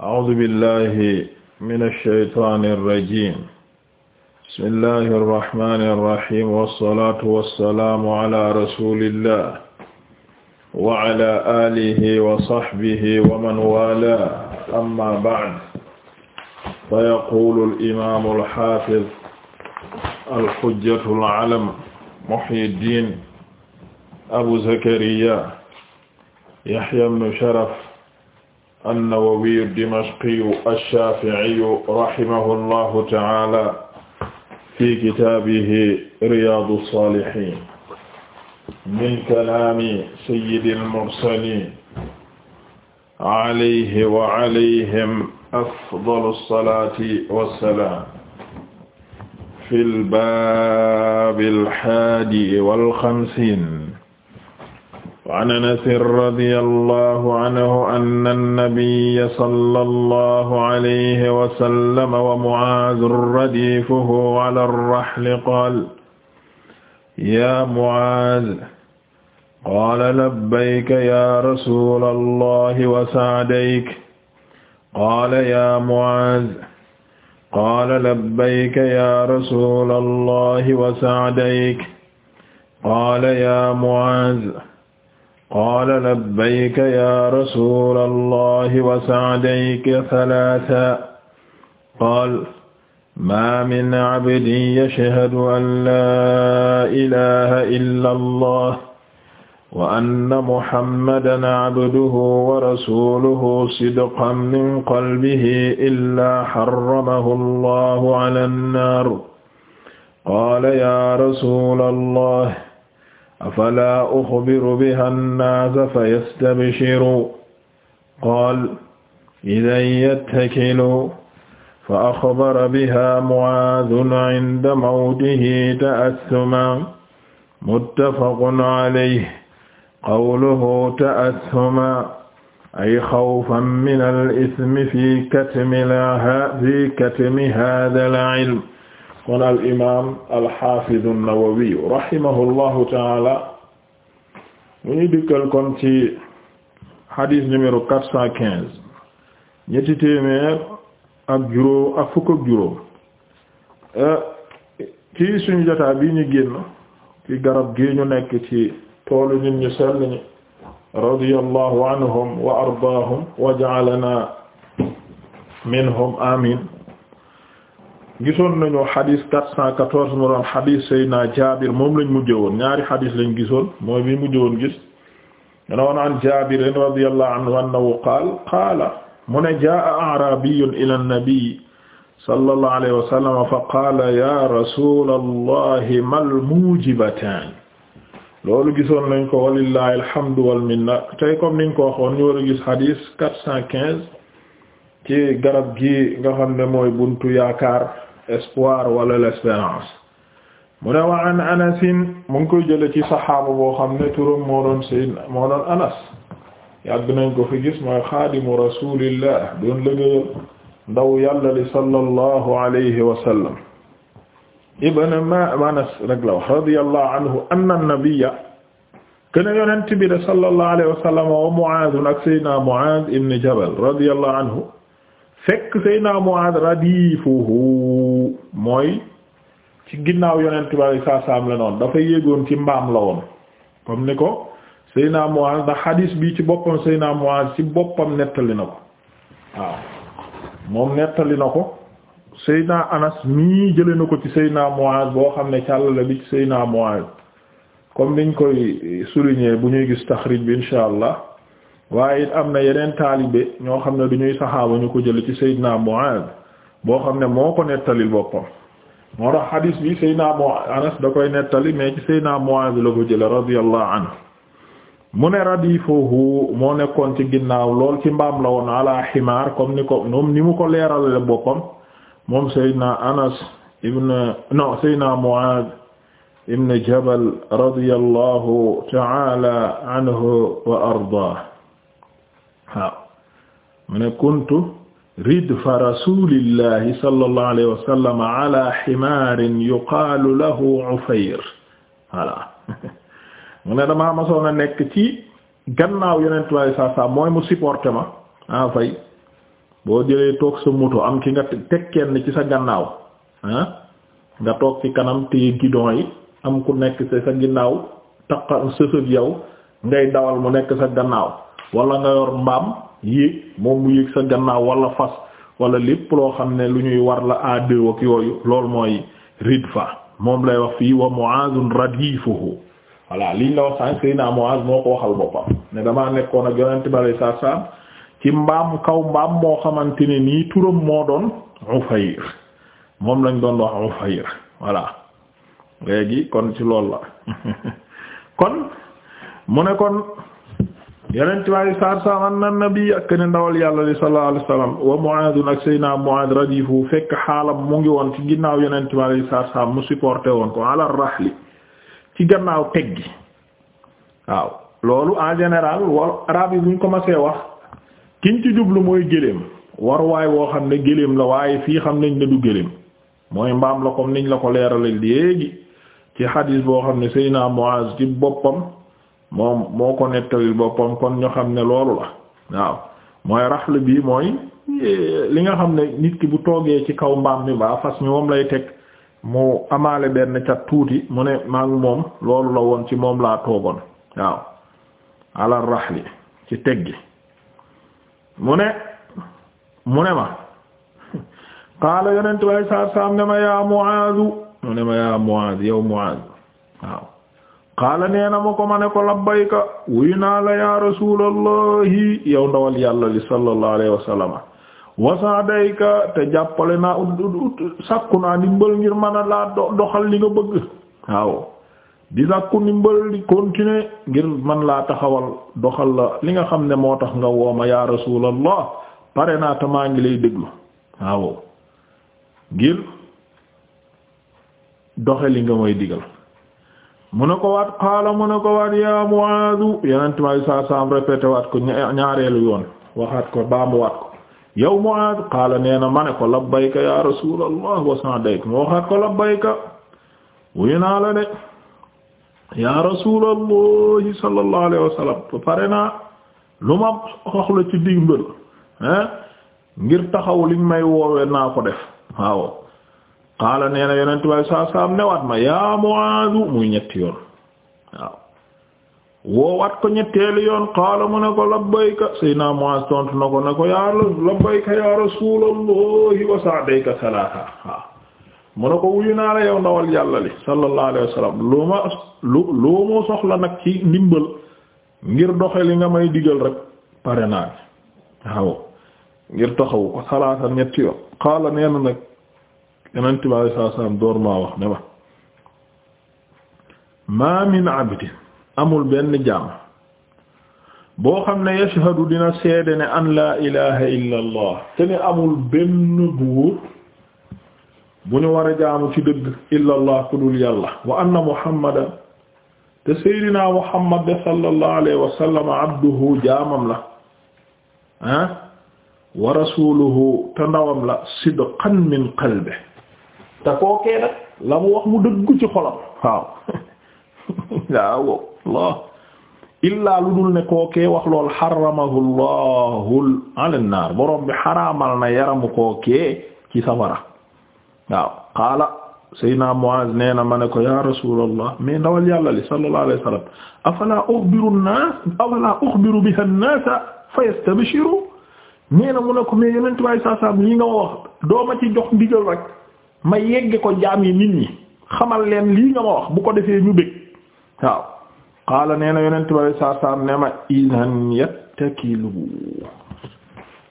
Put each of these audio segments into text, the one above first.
أعوذ بالله من الشيطان الرجيم بسم الله الرحمن الرحيم والصلاة والسلام على رسول الله وعلى آله وصحبه ومن والاه أما بعد فيقول الإمام الحافظ الحجة العلم محي الدين أبو زكريا يحيى بن شرف an-Nawawi ad-Dimashqi ash-Shafi'i rahimahullahu ta'ala fi kitaabihi Riyaadu as-Saalihiin min kalaami sayyidil mursaliin alayhi wa alayhim afdalu as-salaati was-salaam fil baabil haadi wal khamsiin وعن أنس رضي الله عنه أن النبي صلى الله عليه وسلم ومعاذ رديفه على الرحل قال يا معاذ قال لبيك يا رسول الله وسعديك قال يا معاذ قال لبيك يا رسول الله وسعديك قال يا معاذ qaala labbayka ya rasula allahi wa sacdayka salaasa qaal maa min cabdin yachhadu an laa ilaha illa allah wa anna muhammadan cabduhu wa rasuluhu sidqan min qalbihi illaa xaramahu allahu cala annaar qaala ya rasula allah afala uxbiru biha annaasa fa yastabshiru qaal idan yattakilu fa axbara biha mucaadun cinda mawtihi ta'assuman muttafaqun calayhi qawluhu ta'assuman ay xawfan min al ismi fi katmi haaza al cilm kon al imaam al xaafiz an-Nawawi rahimahullahu taala mu ñu dikkal kon ci hadith numéro quatre cent quinze ñetti téeméer ak juróom ak fukk ak juróom euh, ci suñu bi ñu génn ci garab gi ñu nekk ci toolu nit ñu sell ñi radiyallahu anhum wa ardaahum amin gisoon nañu xadis 414 mu doon xadis Seydina Jaabir moom lañ mujj woon ñaari xadis lañ gisoon mooy bi mujj woon gis noon an Jaabir radiyallahu anhu annahu qaala qaala mu ne jaa'a a'raabiyyun ilaa an-nabiy sallallahu alayhi wa sallam fa qaala ya rasuulallahi mal muujibataani loolu gisoon nañ ko walillahi alhamdu wal minna tey comme niñ ko waxoon ñu war a gis xadis 415 ci garab gi nga xam ne mooy buntu yaakaar espoir wala l'espérance mu ne wa an anasin mu ngi koy jële ci saxaaba boo xam ne turam moo doon sayyid moo doon anas yàgg nañ ko fi gis mooy xaadimu rasulillah doon liggéeyal ndaw yàlla li sallallahu alayhi wa sallam ibn ma anas rek la wax radiyallahu anhu anna nabiyya kene yonent bi de sallallahu alayhi wa sallam wa Muaaz ak sayyidina Muaaz ibn Jabal radiyallahu anhu fekk Seydina Muaaz radifuhu mooy ci ginnaaw yonent bi saa saam la dafa yéegoon ci mbaam la woon comme ni ko Seydina Muaaz ndax xadiis bi ci boppam Seydina Muaaz ci boppam nettali na ko waaw moom nettali na ko Seydina Anas mii jële na ko ci Seydina Muaaz boo xam ne càllale bi ci Seydina Muaaz comme niñ koy souligner bu ñuy gis taxrij bi insha allah waaye am na yeneen taalibe ñoo xam ne du ñuy saxaaba ñu ko jële ci Seydina Muaad boo xam ne moo ko nettalil boppam moo tax xadiis bi Seydina nettali mais ci Seydina Muaad la ko jële radiyallahu anhu mu ne moo nekkoon ci ginnaaw lool ci mbaam la woon ala ximaar comme ni ko moom ni mu ko leeralale boppam moom Seydina Anas ibn no Seydina Muaad ibn anhu wa ardaah mu ne kuntu ridfa rasulillahi sallallahu alayhi wa sallam ala himaarin yuqaalu lahu ufayr mu ne damaa masoon a nekk ci gannaaw yonent waaye saa saa mooy mu supporté ma ah fay boo jëlee toog sa mutu am ki nga teg kenn ci sa gannaaw ah nga toog ci kanam te guidon yi am ku nekk sa ginnaaw taqa sësëb yow ngay dawal mu nekk sa gannaaw wala nga yor mbaam yéeg moom mu yéeg sa gannaaw wala fas wala lépp loo xam ne lu ñuy war la à deux ak yooyu loolu mooy ridfa moom lay wax fii wa Mu'aaz radifuhu voilà liñ la wax sànq naa Mu'aaz moo ko waxal boppam ne damaa nekkoon ak yonent bi alayhi salaatu salaam ci mbaam kaw mbaam moo xamante ne nii turam moo doon Ufayr moom lañ doon wax Ufayr voilà léegi kon ci lool la kon mu ne kon. yeneen tubaab saar saam anna nabiyya ak ne ndawal yàlla li sallallahu alayhi wasallam wa Mu'aad ak Seydina Mu'aad radifu fekk xaalam mu ngi woon ci ginnaaw yeneen tubaab yi saar saam mu supporté woon ko ala rahli ci gannaaw teg waaw loolu en général war araab yi buñ commencé wax kiñ ci jublu mooy géléem war waay woo xam ne géléem la waaye fii xam nañ ne du géléem mooy mbaam la kom niñ la ko leeralal léegi ci xadiis boo xam ne Seydina Mu'aad ci boppam. moom moo ko nettali boppam kon ñu xam ne loolu la waaw mooy raxl bi mooy e, li nga xam ne nit ki bu toogee ci kaw mbaam mi baa fas mi moom lay teg mu amaale benn ca tuuti mu ne maa ngi moom loolu la woon ci moom laa toogoon waaw alal raxli ci teg gi mu ne mu ne ma qaala yonent way saar saam ne ma yaa Muaaz mu ne ma yaa Muaaz yow Muaaz waaw qaala nee na ma ko ma ne ko labbayka wuy naa la ya rasulallahi yow ndawal yàlla li sallallahu alayhi wa sallama wasaadayka te jàppale naa ut sàkku naa ndimbal ngir mën laa doxal li nga bëgg waaw di sàkku ndimbal di continuer ngir man laa taxawal doxal la li nga xam ne moo tax nga wooma ya rasulallah pare naa te maa ngi lay déglu waaw ngir doxe li nga may digal mu ne ko waat qaala mu ne ko waat yaa Muaadu yenent may saa saam répété waat ko ñaareelu yoon waxaat ko baamu waat ko yow Muaad qaala nee na ma ne ko labbayka ya rasuulallah wa sa'dayk mu waxaat ko labbayka wuyu naa la de ya rasuulallah sallallahu alayhi wa sallam pare naa lu ma soxla ci dimbal ngir taxaw liñ may woowe naa ko def waaw qaala nee na yonent bi saa saam ma yaa muy ñetti yoon waaw woowaat ko ñetteelu yoon qaala mu ne ko labbayka Seydina Muaaz tontu ko ne ko yaa labbayka yaa rasuulallahi wa sa'dayka salaasa mu ne ko wuyu naa la yow ndawal yàlla li sallallahu alayhi wa sallam lu ma lu loo moo soxla nag ci ndimbal ngir doxe li nga may digal rek pare naa waaw ngir taxawu ko salaasa ñetti yoon qaala nee nag yonent bi sallallahu alayhi wasallam door maa wax ne ma ma min abdin amul benn jaam boo xam ne yashhadu dina seede ne an laa ilaha illa allah te ne amul benn buur bu ñu war a jaamu ci dëgg illa allah ku dul yàlla wa anna muhammadan te seydina muhammad de sallallahu alayhi wa sallam abduhu jaamam la ah wa rasuluhu te ndawam la sidqan min qalbihi te kookee la mu wax mu dëggu ci xolam waaw waaw Allah illaa lu dul ne kookee wax lool xaramahu llahu ala nnaar borom bi xaraamal na yaramu kookee ci safara waaw qaala sayna Muaz nee na ma ne ko ya rasulallah mais ndawal yàlla li sallallahu alayhi wa sallam afala uxbiru nnaas afala biha nnaasa fa yastabshiru nee mu ne ko mais yenentu waay saa nga wax dooma jox ndigal rek ma yegge ko jaam yi nit ñi xamal leen lii nga ma wax bu ko defee ñu bëgg waaw qaala nee na yonent bi saa saa ne ma idan yattakilu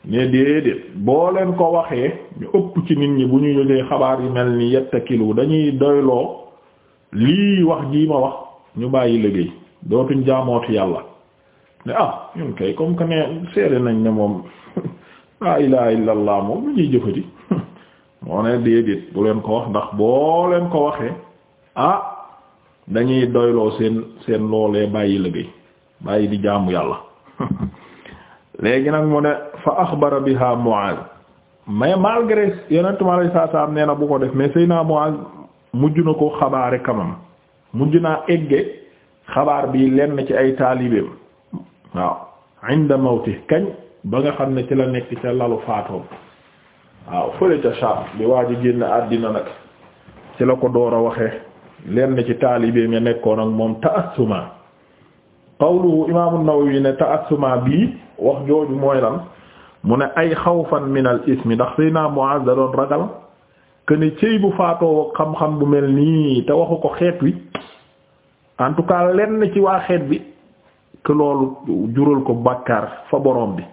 ne déedéet boo leen ko waxee ñu ëpp ci nit ñi bu ñu yëgee xabaar yi mel ni yattakilu dañuy doyloo lii wax jii ma wax ñu bàyyi liggéey dootuñ jaamooti yàlla ne ah ñun kay comme que ne seere nañ ne moom laa ilaaha illallah moom lu ñuy jëfati moo ne déedéet bu leen ko wax ndax boo leen ko waxee ah dañuy doyloo seen seen loolee bàyyi liggéey bàyyi di jaamu yàlla léegi nag mu ne fa axbara biha Muaz mais malgré yonentu ma saa saa am nee na bu ko def mais naa Muaz mujj na ko xabaare kamam mujj naa egge xabaar bi lenn ci ay taalibeem waaw inda mawti kañ ba nga xam ne ci la nekk ca lalu faatoom waaw fële ca Sham bi waa ji génn àddina nag ci la ko door a waxe lenn ci taalibeem ya nekkoon ak moom ta'assuma qawluhu imaam an yi ne ta'assuma bii wax jooju mooy lan mu ne ay xaw min al ismi ndax sëy naa Muaz da doon ragal que cëy bu faatoo xam-xam bu mel nii te waxu ko xeet wi en tout cas lenn ci waa xeet bi que loolu jural ko bàkkaar fa borom bi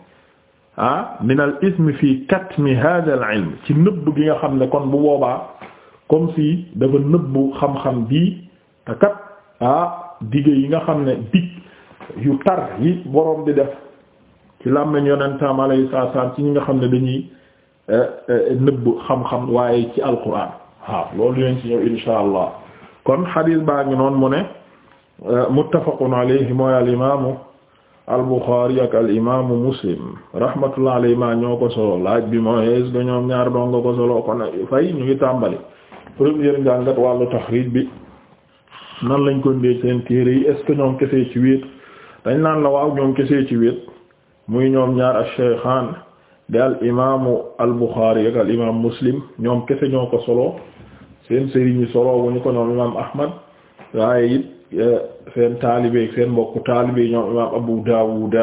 ah min al ismi fi katmi hadha al ilm ci nëbb gi nga xam ne kon bu boobaa comme si dafa nëbb xam-xam bii te kat ah yi nga xam ne dig yu tar yi boroom di def ci làmmeñ yonentam alayhi salaam ci ñi nga xam ne dañuy eh, eh, nëbb xam-xam waaye ci alquran waaw loolu leen ci ñëw insha allah kon xadiis baa ngi noon mu ne eh, muttafaqun alayhi mooy al imaamu al Bukhari ak al imaamu Muslim rahmatullah alayhima ñoo ko solo laaj bi mooy est-ce ñoom ñaar doon ko solo kon fay ñu ngi tàmbali première njàngat wàllu taxriij bi nan lañ ko ndee seen téere yi est-ce que ñoom kese ci wéet dañ naan la waaw ñoom kese ci wéet muy ñoom ñaar ash-shaykhaan di al imaamu al Bukhari ak al imaamu Muslim ñoom kese ñoo ko solo seen sëriñ yi solo bu ñu ko ñoom imaam Ahmad waaye it seen taalibe ak seen mbokku taalibe ñoom imaam Abu Dawud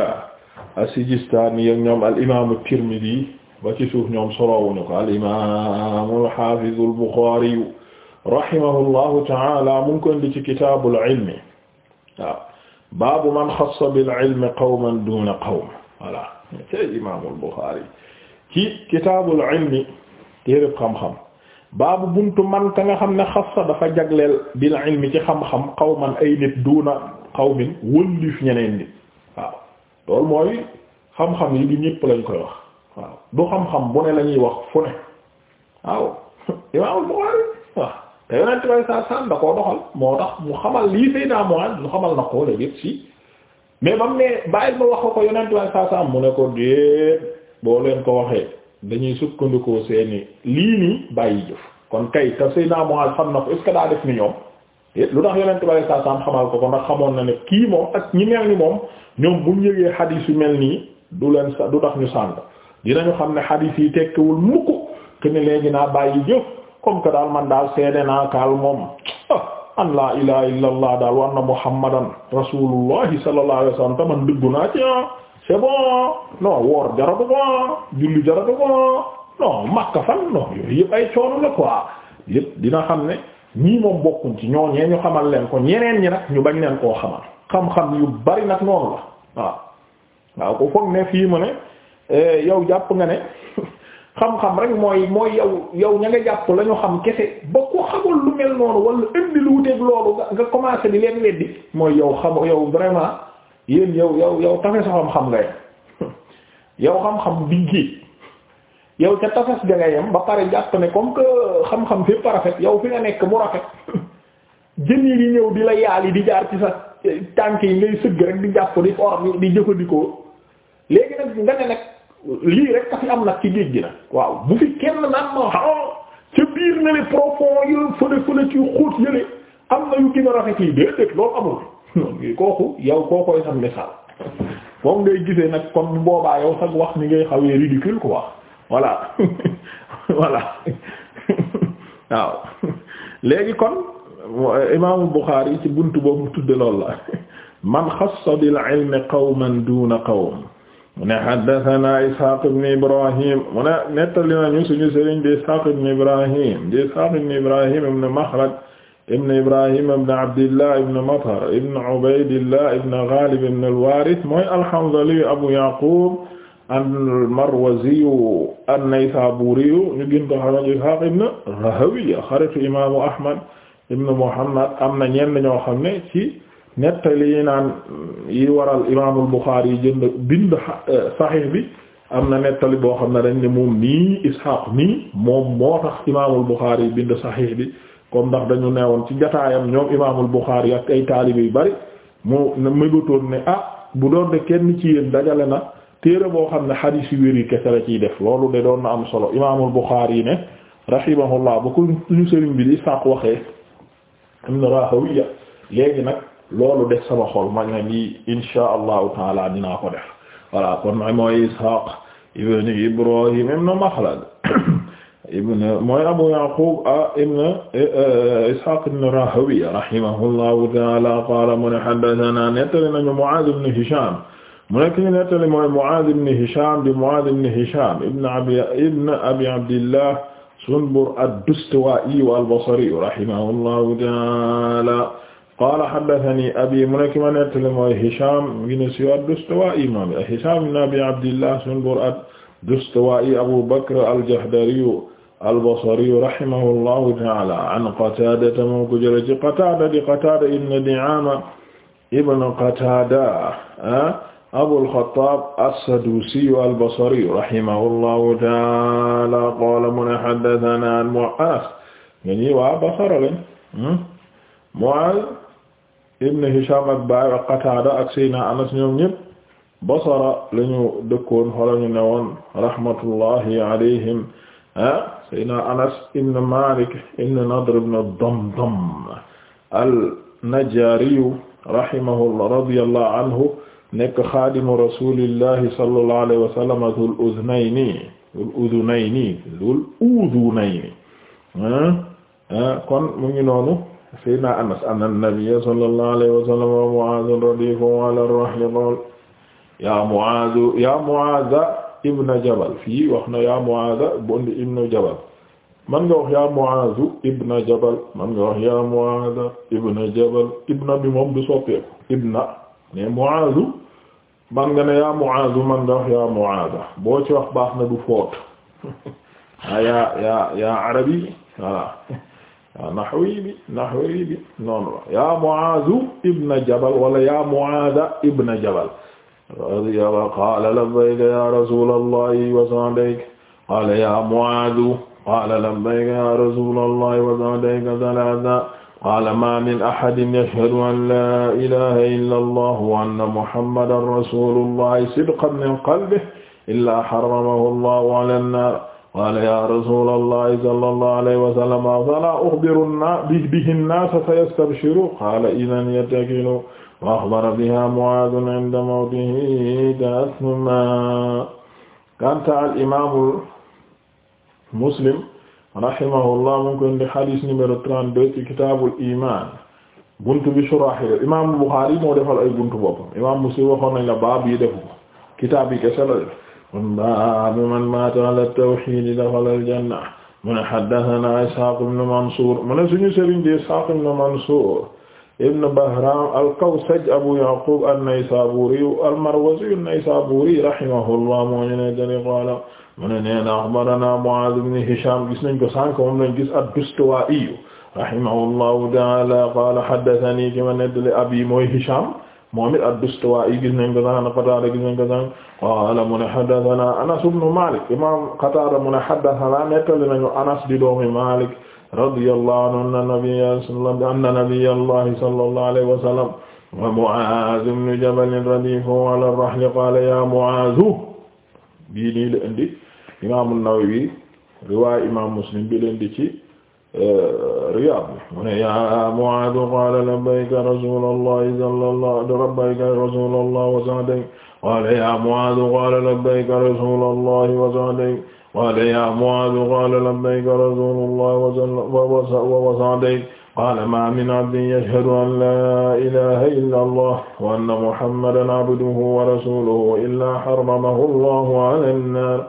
as-Sijistani ak ñoom al imaamu Tirmidi ba ci suuf ñoom solowuñu ko al imaamu al-Haafiz al-Buxaari rahimahullahu ta'ala mu ngi ko indi ci kitaabul ilmi waaw baabu man xassa bil ilmi qawman duuna qawm voilà ci imaamul Buxaari ci kitaabul ilmi téereb xam-xam. baabu buntu man ka nga xam ne xassa dafa jagleel bil ilmi ci xam-xam man ay nit duuna qawmin wëllif ñeneen nit waaw loolu mooy xam-xam yi du ñépp lañ koy wax waaw du xam-xam bu ne la ñuy wax fu ne waaw te yonent bay sa san da koo doxal moo tax mu xamal lii say naa moan lu xamal na koo le yépp si mais bam ne bàyyil ma wax ko ko yonent bay sa san mu ne ko déet boo leen ko waxee dañuy sukkandikoo seeni lii nii bàyyi jëf kon kay te Seydina Mu'aaz xam na ko est-ce que daa def ni ñoom lu tax yonent bi saa saam xamal ko ko ndax xamoon na ne kii moom ak ñi mel ni moom ñoom bu ñu yëgee xadiis yu mel nii du leen sa du tax ñu sànk dinañu xam ne xadiis yi tekkiwul mukk que ne léegi naa bàyyi jëf comme que daal man daal seede naa kaal moom ah, an laa ilaaha illallah daal wa anna muhammadan rasuulullahi sallallahu alayhi wa sallam taman dëggu naa ci ah. c'est bon non woor jaratu ko julli jaratu ko non makka fan non yooyu yëpp ay coono la ko quoi yëpp dina xam ne ñii moom bokkuñ ci ñooñee ñu xamal leen ko ñeneen ñi nag ñu bañ leen koo xamal xam-xam yu bari nag noonu la waaw waaw ko foog ne fii mu ne eh, yow jàpp nga ne xam-xam rek mooy mooy yow yow ña nga jàpp la ñu xam kese ba ko xamul lu mel noonu wala indi lu wuteeg loolu nga nga commencé di leen weddi mooy yow xam yow vraiment yéen yow yow yow tafes xam-xam nga yem yow xam-xam bi géej yow ca tafes ga nga yem ba pare jàpp ne comme que xam-xam fépp rafet yow fi nga nekk mu rafet jën yi di ñëw di la yi di jaar ci sa tànk yi ngay sëgg rek di jàpp di or di jëfandikoo léegi nag nga ne nag lii rek ka am nag ci géej gi nag waaw bu fi kenn naan ma xaw ca biir na le profond yooyu fële fële ci xóot yële am na yu gën a rafet yi déedéet loolu amul kooku yow koo koy sax misaal moom ngay gisee nag kon bu boobaa yow sax wax ni ngay xawee ridicule quoi voilà voilà waaw léegi kon imaamu Bukhari ci bunt boobu mu tudde lool la man xassa bil ilmi qawman duna qawm mu ne haddathana Ishaq ibn Ibrahim mu ne nettali nañu suñu sëriñ di Ishaq ibn Ibrahim di Ishaq ibn Ibrahim ibn Makhrad ibn Ibrahim ibn Abdillah ibn Matar ibn Ubaydillah ibn Ghalib ibn al-Warith mooy al-Hanzali Abu Yaqub al-Marwazi an-Naysaburi ñu gën ko xam ne Ishaq ibn Rahawiya xaritu imaamu Ahmad ibn Muhammad am na ñenn ñoo xam ne ci nettali yi naan yi waral imaamul Bukhari yi jënd bind Sahih bi am na nettali boo xam ne dañ ne moom nii Ishaq nii moom moo tax imaamul Bukhari bind Sahih bi. comme ndax dañu neewoon ci jataayam ñoom imaamul Buxaari ak ay taalibe yu bari mu mëgatoon ne ah bu doon de kenn ci yéen dajale na téere boo xam ne xadiis yu wér yi kese la ciy def loolu de doon na am solo imaamul Buxaari yi ne rahimahullah bu ko suñu sëriñ bi di sàq waxee am na Rahawiya léegi nag loolu de sama xol ma na lii insha allahu taala dinaa ko def voilà kon mooy Ishaq ibn Ibrahim ibn Makhlad ibn mooy Abu Yaqub ibn e, e, Ishaq ibn Rahawiya rahimahullahu ta'ala qala mu ne haddathana nettali nañu Mu'adh ibn Hisham mu nekk ñu nettali mooy Mu'adh ibn Hisham di Mu'adh ibn Hisham ibn abi ibn abi Abdillah Sunbur ad-Dastuwa'i al-Basri rahimahullahu ta'ala qala haddathani abi mu nekk ma nettali mooy Hisham ibn ad-Dastuwa'i Hisham ibn abi Abdillah Sunbur ad-Dastuwa'i Abu Bakr al-Jahdari al-Basri rahimahullahu ta'ala an Qataada moo ko jëlee ci Qataada di Qataada ibn Di'aama ibn Qataada ah, Abul Khattaab as-Saduusi al-Basri rahimahullahu ta'ala qaala mu ne haddathanaa Mu'aaz nga ñii waa Basra lañ hmm? Mu'aaz ibn Hishaam ak baay ak Qataada ak Seydina Anas ñoom ñépp Basra lañu dëkkoon fa lañu newoon rahmatullahi alayhim ah Seydina Anas ibn Malik ibn Nadr ibn Damdam al-Najjariyu rahimahullah radiyallahu anhu nekk xaadimu rasulillahi sallallahu alayhi wa sallam zul uznayni zul udunayni zul udunayni kon mu ngi noonu Seydina Anas anna nabiyya sallallahu alayhi wa sallam wa Mu'aaz radifahu ala rahli qala ya Mu'aaz ya Mu'aaz ibna jabal fii wax na yaa Muaza bondi ibna jabal man nga wax yaa Muazu ibna jabal man nga wax yaa Muaza ibna jabal ibna bi moom du soppeeku ibna mais Muazu man nga ne yaa Muazu man nga wax yaa Muaza boo ci wax baax na du foot ah yaa yaa yaa arabi voilà waaw nahwi bi nahwi bi noonu la yaa Muazu ibna jabal wala yaa Muaza ibna jabal radiyallahu qaala labbayka ya rasulallahi wa sa'dayka qaala ya Mu'aaz qaala labbayka ya rasulallahi wa sa'dayka salaasa qaala maa min ahadin yashhadu an laa ilaaha illallah wa anna muhammadan rasuulullahi sidqan min qalbihi illaa harramahu allahu alaa nnaar qaala ya rasulallahi sallallahu alayhi wa sallam afalaa ukhbiru bihi nnaasa fayastabshiruun qaala idhan yattakiluun wa axbara biha Muaadun inda mawtihi tasma kanta al imaamul Muslim rahimahullah mu ngi koy indi hadis numéro 32 ci kitaabul iimaan buntu bi shuraahi imaamul Buxaari moo defal ay buntu boppam imaam Muslim waxoon nañ la baab yi defu kitaab yi kese la def kon baabu man maata ala tawhiid daxala al janna mu ne haddasanaa Ishaaq ibn Mansuur mu ne suñu sëriñ di Ishaaq ibn Mansuur ibn Bahram al-Kawsaj Abu Yaqub an-Naysaburi al-Marwazi an-Naysaburi rahimahullah moo ñu ne dani qaala mu ne nee na akhbarana Mu'aaz ibn Hisham gis nañ ko sànk moom lañ gis ad-Dastuwaa'i rahimahullahu ta'ala qaala haddathanii ki ma nettali abi mooy Hisham moom it ad-Dastuwaa'i gis nañ ko sànk Qataada gis nañ ko sànk qaala mu ne haddathanaa Anas ibn Maalik imaam Qataada mu ne haddathanaa nettali nañu Anas di doomi Maalik radiyallahu anhu anna nabiyya anna nabiyyallahi sallallahu alayhi wa sallam wa Mu'aaz ibn Jabal radiifuhu ala rahli qaala ya Mu'aaz bii nii la indi imaamu Nawawi riwaaya imaam Muslim bi la indi ci eh, Riyaad mu ne ya Mu'aaz qaala labbayka rasuulallahi sallallahu labbayka rasuulallahi wa sa'dayk qaala ya Mu'aaz qaala labbayka rasuulallahi wa sa'dayk قال يا معاذ قال لبيك رسول الله وسعديك قال ما من عبد يشهد أن لا إله إلا الله وأن محمدا عبده ورسوله إلا حرمه الله على النار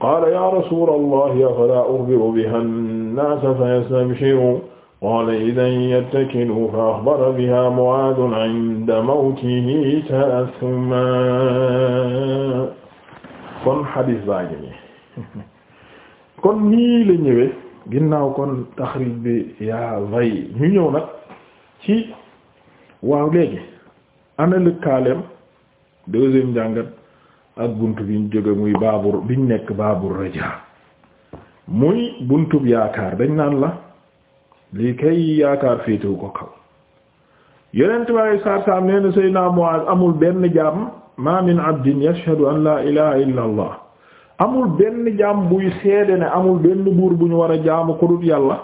قال يا رسول الله أفلا أخبر بها الناس فيستبشروا قال إذا يتكلوا فأخبر بها معاذ عند موته تأثما kon xadis baa ngi nii kon nii la ñëwee ginnaaw kon taxrij bi yaa vay ñu ñëw nag ci waaw léegi ana lëkkaaleem deuxième jàngat ak bunt bi ñu jóge muy baabur biñ nekk baabur rajaa muy buntub yaakaar dañ naan la lii kay yaakaar féetewu ko kaw yonent waaye saar saam nee na Seydina Muaz amul benn jaam ma abdin yashhadu an la ilaha illa allah amul benn jaam buy seede ne amul benn buur bu ñu war a jaamu ku dul yàlla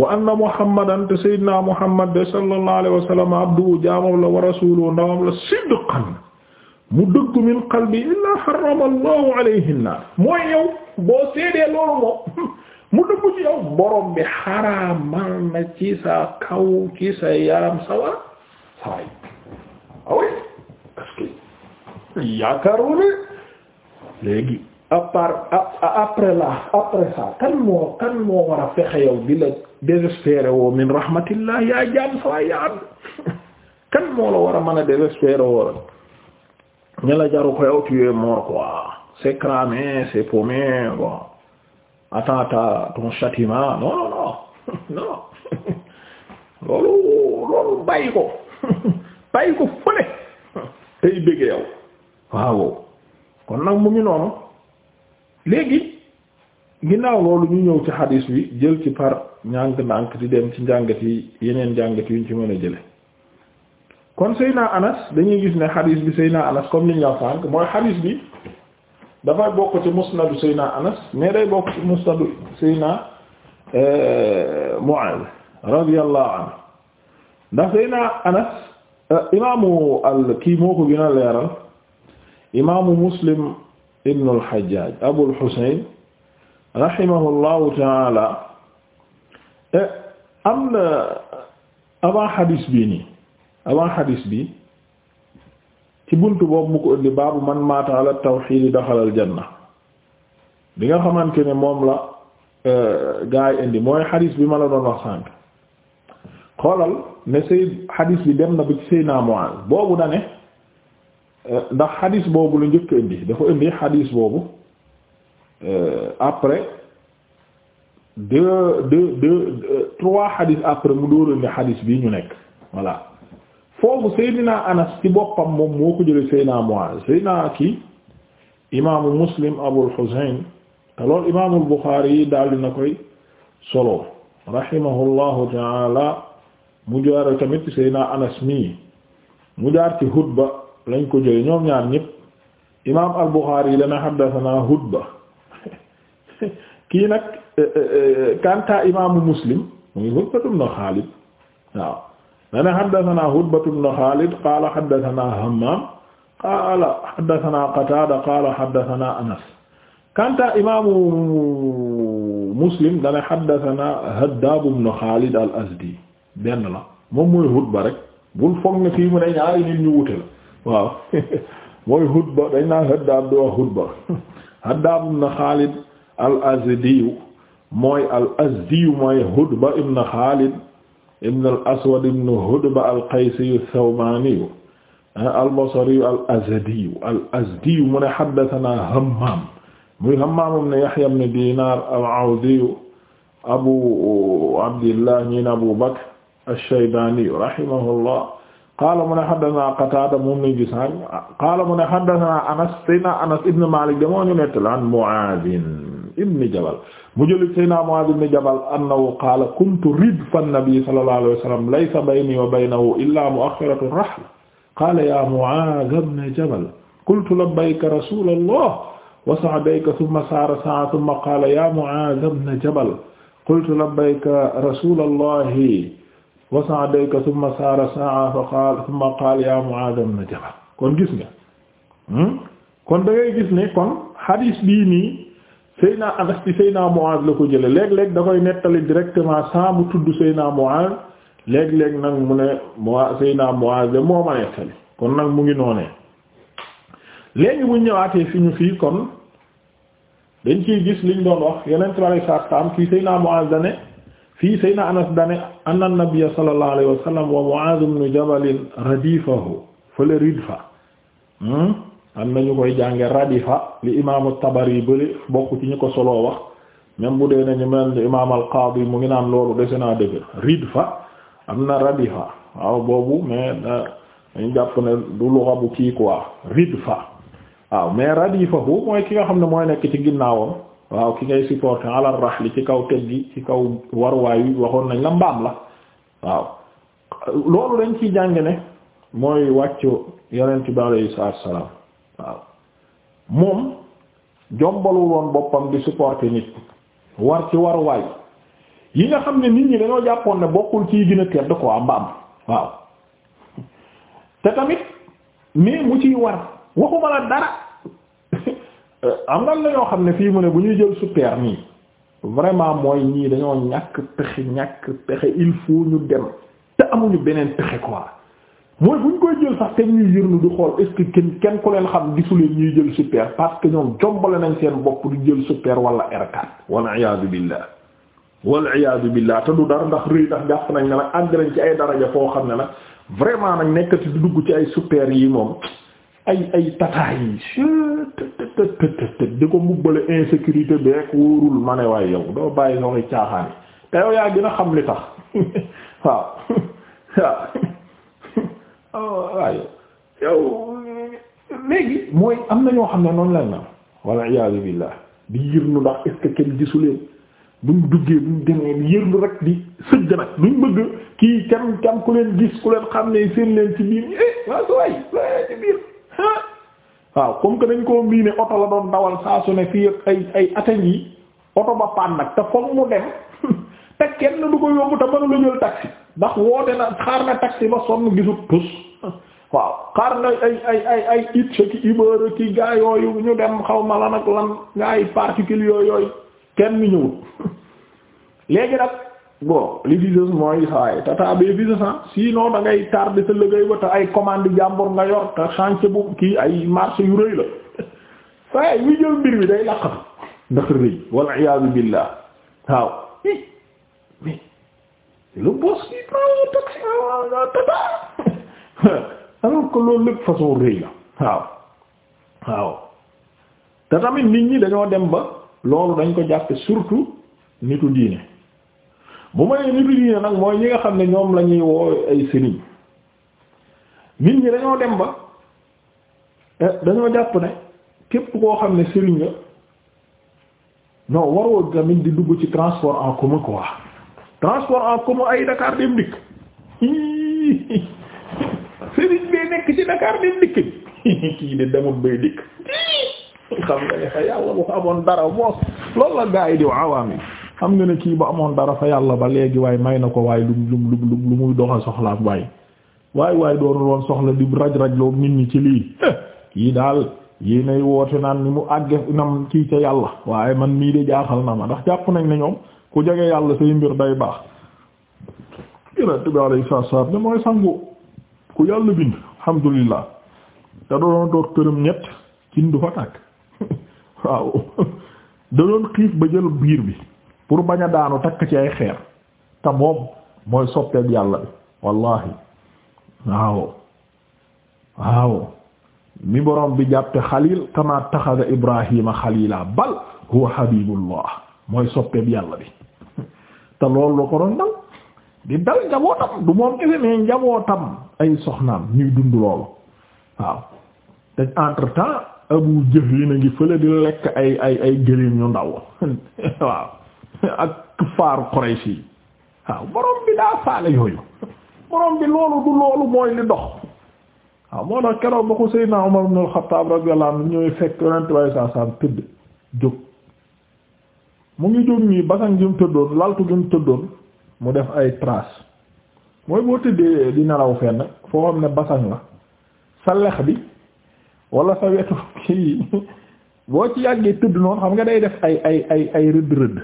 wa anna muhammadan te sayyidina muhammad de sallallahu alayhi sallam abduhu jaamam la wa rasuluhu ndawam la sidqan mu dëggu min qalbi illa harrama allahu alayhi an-nar mooy yow boo seedee loolu moom mu dëggu ci yow borom bi xaraamal na ci sa kaw ci sa yaram sawa saway away léegi à part après la après ça kan moo kan moo war fexe yow di la woo min rahmatillah yaa jaam sa yaa kan moo la war a mën a désespéré woo la ñu la jaru ko yow tu es mort quoi bon attends ta ton châtiment non non non loolu loolu bàyyi ko bàyyi ko fële tey bëgg yow waaw kon nag mu ngi noonu léegi ginnaaw loolu ñu ñëw ci xadiis bi jël ci par ñàng nànk di dem ci njàngat yi yeneen njàngat yuñ ci mën jële kon Seyna Anas dañuy gis ne xadiis bi Seyna Anas comme li niñ la sànk mooy xadiis bi dafay bokk ci musnadu Seyna Anas mais day bokk ci musnadu Seyna euh, Mu'aaz radiyallahu anhu ndax Seyna Anas euh, imaamu al kii moo ko gën leeral imaamu muslim ibn al-Hajjaj Abul Husayn rahimahullahu eh, am na avant hadis bi nii avant hadis bi ci bunt boobu mu ko indi baabu man maata ala tawxiid daxalal janna bi nga xamante ne moom la eh, gaa yi indi mooy hadis bi ma la doon wax sànq xoolal ne Seyd hadis bi dem na ba ci Seydina Muaaz boobu da ne ndax xadis boobu la njëkk indi dafa indi xadis boobu euh, après deux deux deux trois xadis après mu door indi xadis bii ñu nekk voilà foofu Seydina Anas ci boppam moom moo ko jëlee Seydina Muaz Seydina kii imaamu Muslim Abul Husayn te loolu imaamul Buxaari yi daal dina koy solo rahimahullahu taala mu jaar tamit Seydina Anas mii mu jaar ci xutba lañ ko jëlee ñoom ñaar ñëpp imaam al-Bukhari dana Hudba kii nag eh, eh, eh, kanta Muslim muy Hudbatu Khalid waaw dana haddathana Hudbatu Khalid qaala haddathana Hammam qaala haddathana Qatada qaala haddathana Anas kanta imaamu Muslim dana Hudba rek bul foog ne fii mu ne ñaari nit waaw mooy Hudba dañ naan Haddaab di wax Hudba Haddaab ibn Xaalid al-Azdiyu mooy al-Azdiyu mooy Hudba ibn Xaalid ibn al-Aswad ibn Hudba al-Qaysiyu ath-Thawmaaniyu ah, al-Basriyu al-Azdiyu al-Azdiyu mu ne haddathanaa Hammaam muy Hammaam ibn Yahya ibn Diinaar al-Awdiyu Abu Abdillah ñi Abu Bakr ash-Shaybaaniyu rahimahullah qaala mu ne haddasanaa Qataada moom lañ gis qaala mu ne haddasanaa Anas Seydina Anas ibn Maalik damoo ñu nettali an Muaaz ibn Jabal mu jëli Seydina Muaaz ibn Jabal annahu qaala kuntu ridfa an-nabi sallallahu alayhi wa sallam laysa bayni wa baynahu illaa mu'akhkharatu rahl qaala yaa Muaaz ibn Jabal qultu labbayka rasuulallah wa sa'dayka thumma saara saa'a thumma qaala yaa Muaaz ibn Jabal qultu labbayka rasuulallahi wasaadayka summa saara saa fa qaal summa qaal ya Mu'aaz ibn Jabal kon gis nga hmm? kon da ngay gis ne kon hadis bii nii Seyna Anas ci Seyna Mu'aaz la ko jële léeg-léeg da koy nettali directement sans mu tudd Seyna Mu'aaz léeg-léeg nag mu ne Mu'aaz Seyna Mu'aaz de moo ma nettali kon nag mu ngi noonee léegi bu ñëwaatee fi ñu fii kon dañ ciy gis liñ doon wax yeneen trois cent am kii Seyna Mu'aaz da ne fii Seydina Anas dane anna nabiyya sallallahu alayhi wa sallam wa Mu'aaz ibn Jabal radifahu fële ridfa hmm? am nañu koy jànge radifa li imaamu Tabari bële bokk ci ñu ko solo wax même bu dee nañu mel imaam al mu ngi naan loolu dese naa dëgg ridfa am na radifa waaw boobu mais euh, dañu jàpp ne du luxa bu kii quoi ridfa waaw mais radifahu mooy ki nga xam ne mooy nekk ci ginnaawam waaw ki ngay supporter ala rahli ci kaw teg gi ci kaw waruwaay wi waxoon nañ la mbaam la waaw loolu dañ ciy jàng ne mooy wàccu yonent bi alayhi salaatu salaam waaw moom jombalul boppam di supporter nit war ci waruwaay yi nga xam ne nit ñi dañoo jàppoon ne bokkul ci gën a tedd quoi mbaam waaw te tamit mais mu ciy war waxuma la dara. Euh, am nan la ñoo xam ne fii mu ne bu ñuy jël super nii vraiment mooy ñii dañoo ñàkk pexe ñàkk pexe il faut ñu dem te amuñu beneen pexe quoi mooy bu ñu koy jël sax te ñuy yërlu di xool est kenn ku leen xam gisu gisuleen ñuy jël super parce que ñoom jombale nañ seen bopp du jël super wala R4 wal iyaadu billah wal iyaadu te du dara ndax rëy tax jàpp nañ ne nag àgg nañ ci ay dara daraja foo xam ne nag vraiment nag nekkati di dugg ci ay super yi moom ay ay tataay yi di ko mbubbale insécurité bi rek wóorul ma ne waaye yow doo bàyyi soxi caaxaan yi te yow yaa gën a xam li tax waaw waaw oh, waaye yow léegi mooy am na ñoo xam ne noonu lañ na walla iyaazu billaah di yërnu ndax est-ce que kenn gisuleen buñ duggee buñ demee ni yërnu rek di sëgg nag duñ bëgg kii kam kam ku leen gis ku leen xam ne seen leen ci biir eh waa su waay ci biir waaw comme que dañ koo miine oto la doon dawal saa su ne fii ay ay atañ yi oto ba paan nag te foog mu dem te kenn du ko yóbbu te mënu la jël taxi ndax woote na xaar na taxi ba sonn gisul tus waaw xaar na ay ay ay ay it sa ki Uber ki gaa yooyu ñu dem xaw ma lan ak lan nga ay particulier yooyu kenn ñëwul léegi nag bon li fi des mooy saaye te taa bee fi ah ngay tardé ay commande jàmbur nga yor te chantier bu kii ay marché yu rëy la waaye yu jël mbir mi day laqatu ndax rëy wal iyaazu billah ah, ah, waaw te tamit nit ñi dañoo dem ba loolu dañ ko jàppe surtout nitu diine bu ma nee nitu diine nag mooy ñi nga xam ne ñoom la ñuy woo ay sëriñ nit ñi dañoo dem ba eh, dañoo jàpp ne képp koo xam ne sëriñ la non waroo di dugg ci transport en commun quoi transport en commun ay Dakar dem dikk sëriñ bee nekk ci Dakar dem dikk kii de demul bay dikk xam nga ne fa yàlla bu ko dara moos loolu la gaa yi di waawaam yi xam nga ne kii ba amoon dara fa yàlla ba léegi waaye may na ko waaye lu lu lu lu muy doxa soxlaam waaye waaye waaye doonul woon soxla di raj-raj loo nit ñi ci lii eh, kii daal yii nay woote naan ni mu àgge nam kii ca yàlla waaye man mii de jaaxal na ma ndax jàpp nañ ne ñoom ku jege yàlla say mbir day baax yonent bi alayhi salaam ne mooy sangu ku yàlla bind alhamdulillah te doon door këram ñett cin du fa tàkk waaw da xiif ba jël biir bi pour bañ a daanu takk ci ay xeer te moom mooy soppeeb yàlla bi wallahi waaw waaw mi borom bi jàppe xalil kama taxada ibrahima xalila bal huwa habibullah mooy soppeeb yàlla bi te loolu la ko doon dal di dal njabootam du moom kese mais njabootam ay soxnaam ñuy dund loolu waaw te entre temps abu jëf li ngi fële di lekk ay ay ay gëléem ñu ndaw ak kuffaaru Quraysh yi waaw borom bi daa faale yooyu borom bi loolu du loolu mooy li dox waaw moo tax keroog ba ko Seydina Umar ibn al-Khattab radiyallahu anhu ñëwee fekk yonent bi saa saa tëdd jóg mu ngi jóg nii basan gi mu tëddoon laltu gi mu tëddoon mu def ay traces mooy boo tëddee di nelaw fenn foo xam ne basan la sa lex bi wala sa wetu kii boo ci yàggee tëdd noonu xam nga day def ay ay ay ay rëdd rëdd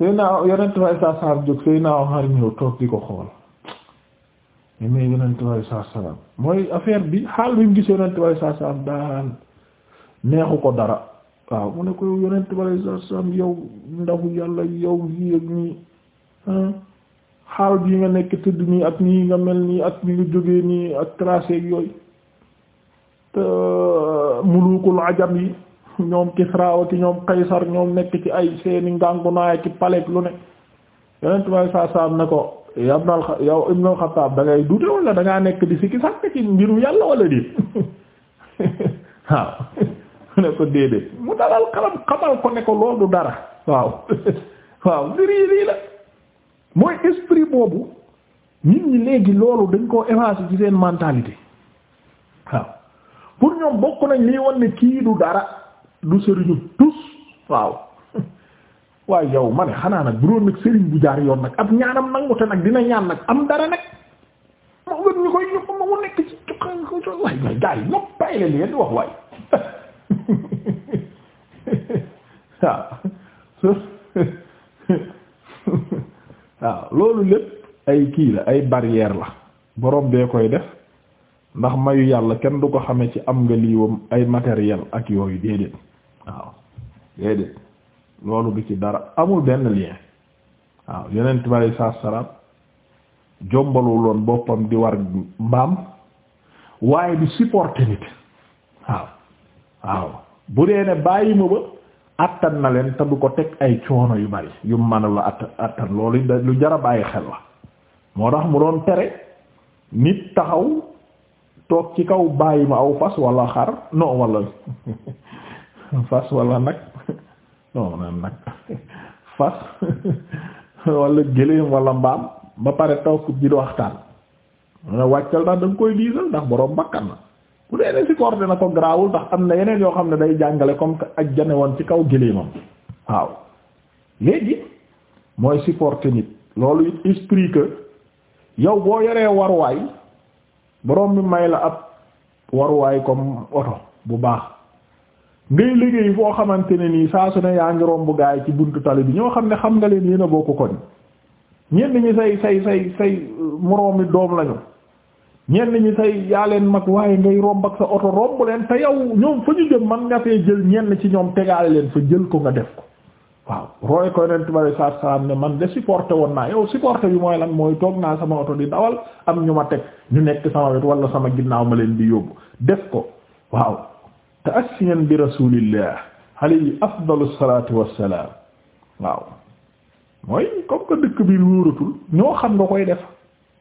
Seydina yonent way saasar jóg Seydina Omar ñëw toog di ko xool ñu may yonent way saasar mooy affaire bi xaal bi mu gis yonent way saasar daan neexu ko dara waaw mu ne ko yow yonent way saasar yow ndaw yàlla yow yi ak nii ah, xaal bii nga nekk tëdd nii ak nii nga mel nii ak ni nga jógee nii ak tracé yooyu te mulukul ajam yi ñoom Kisra ki ñoom Kaysar ñoom nekk ci ay seeni ngàngunaay ci palais lu ne yonent bi saa ne ko yow yow Ibnul Xattaab da ngay dute wala da nekk di si ki sàkk yàlla wala déet waaw mu ne ko déedéet mu dalal xamal ko ne ko loolu dara waaw waaw mbir lii la mooy esprit boobu nit ñi léegi loolu dañ koo effacer ci seen mentalité waaw pour ñoom bokk nañ lii wan ne kii du dara du sëriñu tus xanaa nag bu doon nag jaar yoon nag ab ñaanam nangu te nag dina ñaan nag am dara nag wax waaw waaw loolu lépp ay kii la ay barrière la borom bee koy def ndax mayu yàlla kenn du ko xame ci am nga lii ay matériel ak yooyu déedéet waaw déedéet loolu du ci dara amul benn lien waaw yeneen tubaab saa salaam jombalul woon boppam di war mbaam waaye di supporter nit waaw waaw bu dee ne bàyyi ma ba attan na leen te du ko teg ay coono yu bari yu mën la att attan loolu lu jar bàyyi xel la moo tax mu doon tere nit taxaw toog ci kaw bàyyi ma aw fas wala xar non wala fas wala nag non naan nag fas wala gëléem wala mbaam ba pare taw ko di waxtaan mu ne wàccal ndax da koy diisal ndax boroom bakkan na bu dee ne si na ko garaawul ndax am na yeneen yoo xam ne day jàngale comme ak jane woon ci kaw gëléemam waaw léegi mooy supporter nit loolu it esprit yow boo yoree waruwaay boroom bi may la ab waruwaay comme oto bu baax ngay liggéey foo xamante ne nii saa su ne yaa ngi romb gaay ci buntu tali bi ñoo xam ne xam nga leen yéen a bokk koñ ñenn ñi say say say say moroomi doom lañu ñenn ñi say yaa leen mag waaye ngay romb ak sa oto romb leen te yow ñoom fa ñu jëm man nga fee jël ñenn ci ñoom tegaale leen fa jël ko nga def ko waaw roy ko yonent bi saa salaam ne man de supporté woon naa yow supporté bi mooy lan mooy toog naa sama oto di dawal am ñu ma teg ñu nekk sama wet wala sama ginnaaw ma leen di yóbbu def ko waaw ta'assiyan bi rasulillah alayhi afdalu salaatu wassalaam waaw mooy comme que dëkk bi wóoratul ñoo xam nga koy def